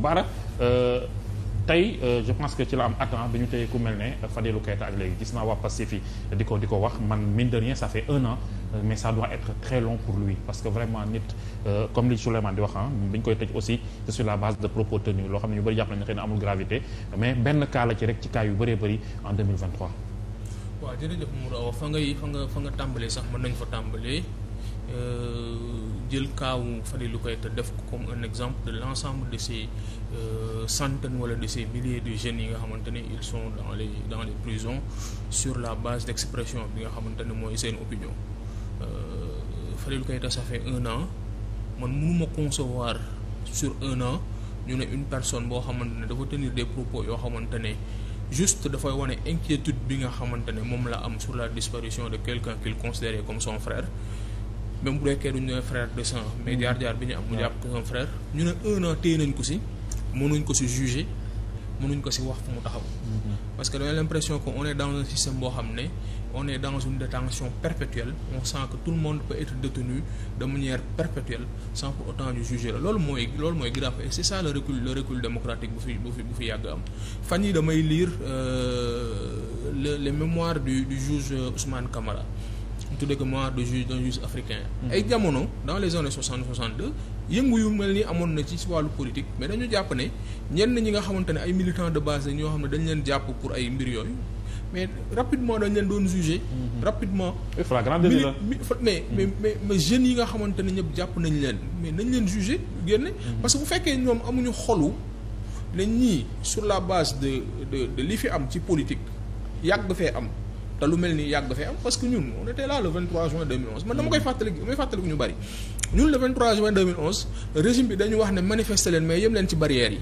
Bara euh, tey euh, je pense que ci la am attend bi ñu tey ku mel ne Fadilou Keita ak léegi gis naa waa Pastef yi di ko di ko wax man mine de rien ça fait un an euh, mais ça doit être très long pour lui parce que vraiment nit comme li Souleymane di wax ah bi ñu koy tëj aussi c'est sur la base de propos tenus loo xam ne ñu bëri jàpp nañu xëy amul gravité mais benn cas ci rek ci cas yu bëree bëri en 2023. waaw jërëjëf Mourou fa ngay fa nga fa nga tàmbalee sax mën nañ fa tàmbalee. jël kaawu Fadilou Keïta def ko comme un exemple de l' ensemble de ces euh, centaines wala de ces milliers de jeunes yi nga xamante ne ils sont dans les dans les prisons sur la base d' expression bi nga xamante ne mooy seen opinion euh, Fadilou Keïta ça fait un an man mënuma concevoir sur un an ñu ne une personne boo xamante ne dafa tenir des propos yoo xamante ne juste dafay wane inquiétude bi nga xamante ne moom la am sur la disparition de quelqu'un qu'il considérait comme son frère même bu rekkee duñ ne frère de sang mais jaar-jaar bi ñu am mu jàpp ko un frère ñu ne un an téye ko si mënuñ ko si juger mënuñ ko si wax fu mu taxaw mhm. parce que dañu l'impression que on est dans xam ne on est dans une détention perpétuelle on sent que tout le monde peut être détenu de manière perpétuelle sans pour mooy loolu mooy grave et c'est ça le recul le recul démocratique bu fi bu fi bu fi yàgg am fan yi damay lire euh, les mémoires du juge Ousmane Camara tuddee ko mémoire de juge d'un juge africain. Mm-hmm. ay jamono dans les années soixante soixante yëngu yu mel ni amoon na ci si wàllu politique mais dañu jàpp ne ñenn ñi nga xamante ne ay militants de base la ñoo xam ne dañ leen jàpp pour mais rapidement dañ leen doon jugé. Mm-hmm. rapidement. mais mais mm-hmm. mais mais jeunes yi nga xamante ne ñëpp jàpp nañ leen mais nañ leen jugé génne. parce que bu fekkee ñoom amuñu xolu ne ñii sur la base de de li fi am ci politique yàgg fee am. te lu mel nii yàgg dafay am parce que ñun on était là le 23 juin 2011 man dama koy fàttali may fàttaliku ñu bari ñun le 23 juin 2011 régime bi dañu wax ne manifester leen mais yem ci barrières yi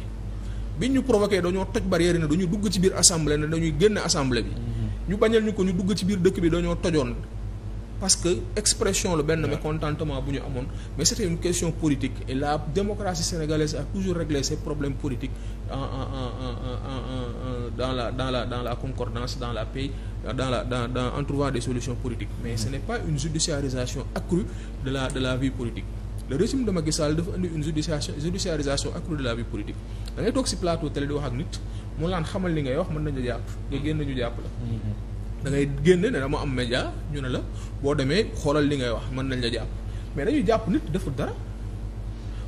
bi ñu provoqué dañoo toj barrières yi ne dañuy dugg ci biir assemblée ne dañuy génn assemblée bi mm-hmm. ñu bañal ñu ko ñu dugg ci biir dëkk bi dañoo tojoon parce que expression la benn mécontentement bu ñu amoon mais c'était une question politique et la démocratie sénégalaise a toujours réglé ses problèmes politiques en en en en dans la dans la dans la concordance dans la la dans dans en trouvant des solutions politiques mais ce n'est pas une judiciarisation accrue de la de la vie politique le régime de Macky Sall dafa indi une judiciarisation judiciarisation de la vie politique da toog ci plateau télé di wax li ngay wax mën nañu jàpp nga ñu jàpp da ngay génne ne dama am média ñu ne la boo demee xoolal li ngay wax mën nañ la jàpp mais dañuy jàpp nit deful dara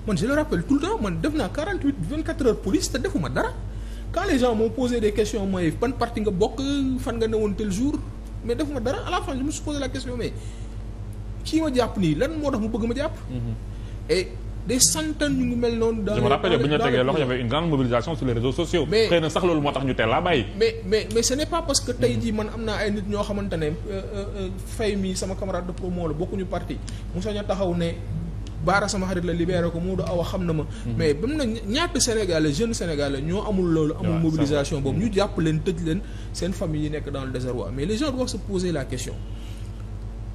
man je le rappelle tout le temps man def naa 48 24 heures police te defuma dara quand les gens m'ont posé des questions mooy ban parti nga bokk fan nga woon tel jour mais defuma dara à la fin je me suis posé question mais kii ma jàpp nii lan moo tax mu bëgg ma jàpp mhm. de centaines ñu ngi mel noonu. dans je me rappelle bu ñu la tegee loxo y avait une grande mobilisation sur les réseaux sociaux. mais xëy sax loolu moo tax ñu teel laa bàyyi. mais mais mais pas parce que tey hmm. jii man am naa ay nit ñoo xamante ne euh, euh, euh, fay mii sama camarade de promo la bokkuñu parti mu soña taxaw ne baara sama xarit la libéré ko moo du aw xam na ma. Hmm. mais ba mu ne ñaata Sénégalais jeunes Sénégalais ñoo amul loolu. amul mobilisation boobu hmm. ñu jàpp leen tëj leen seen famille yi nekk dans le désarroi mais les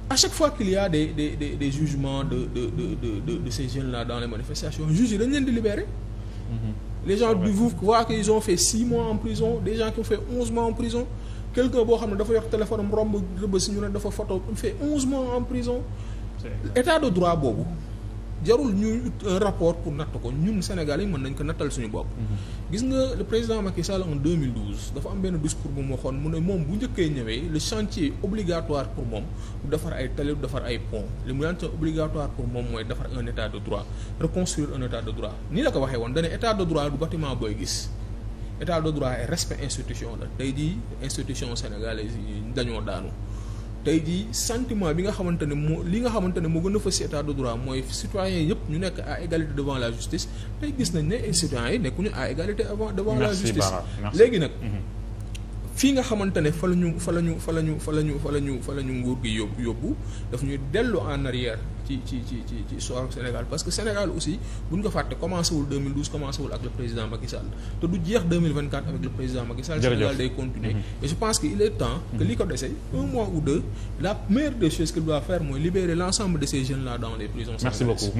à chaque fois qu'il y a des des des, des jugements de de de de de ces jeunes dans les manifestations juges yi dañ leen di libérer. Mhm. les gens du vous voient qu'ils ont fait six mois en prison des gens qui ont fait onze mois en prison quelqu'un boo xam ne dafa yor téléphone am romb rëbb si ñu ne dafa photo fait onze mois en prison état de droit boobu jarul ñuy ut un rapport pour natt ko ñun Sénégal yi mën nañ ko nattal suñu bopp. Mhm. gis nga le président Macky Sall en 2012 dafa am benn discours bu mu waxoon mu ne moom bu njëkkee ñëwee le chantier obligatoire pour moom du defar ay tali du defar ay pont li mu daan obligatoire pour moom mooy defar un état de droit reconstruire un état de droit nii la ko waxee woon dane état de droit du bâtiment booy gis. état de droit et respect institution la tey jii institution sénégalaise yi dañoo daanu. tey ji sentiment bi nga xamante ne moo li nga xamante ne moo gën a fa si état de droit mooy citoyens yëpp ñu nekk à égalité devant la justice tey gis nañ ne citoyens yi nekkuñu à égalité avant devant la justice léegi nag mhm. fii nga xamante ne fa la ñu fa la ñu fa la ñu fa la ñu fa la ñu fa la ñu nguur gi yóbbu yóbbu daf ñuy dellu en arrière ci ci ci ci ci histoire Sénégal parce que Sénégal aussi bu ñu ko fàtte commencé wul 2012 commencé wul ak le président Macky Sall te du jeex 2024 avec le président Macky Sénégal day continuer mm-hmm. et je pense que est temps. que li ko dese un mois ou deux la meilleure des choses qu'il doit faire mooy libérer l'ensemble de ces jeunes là dans les prisons. Merci beaucoup.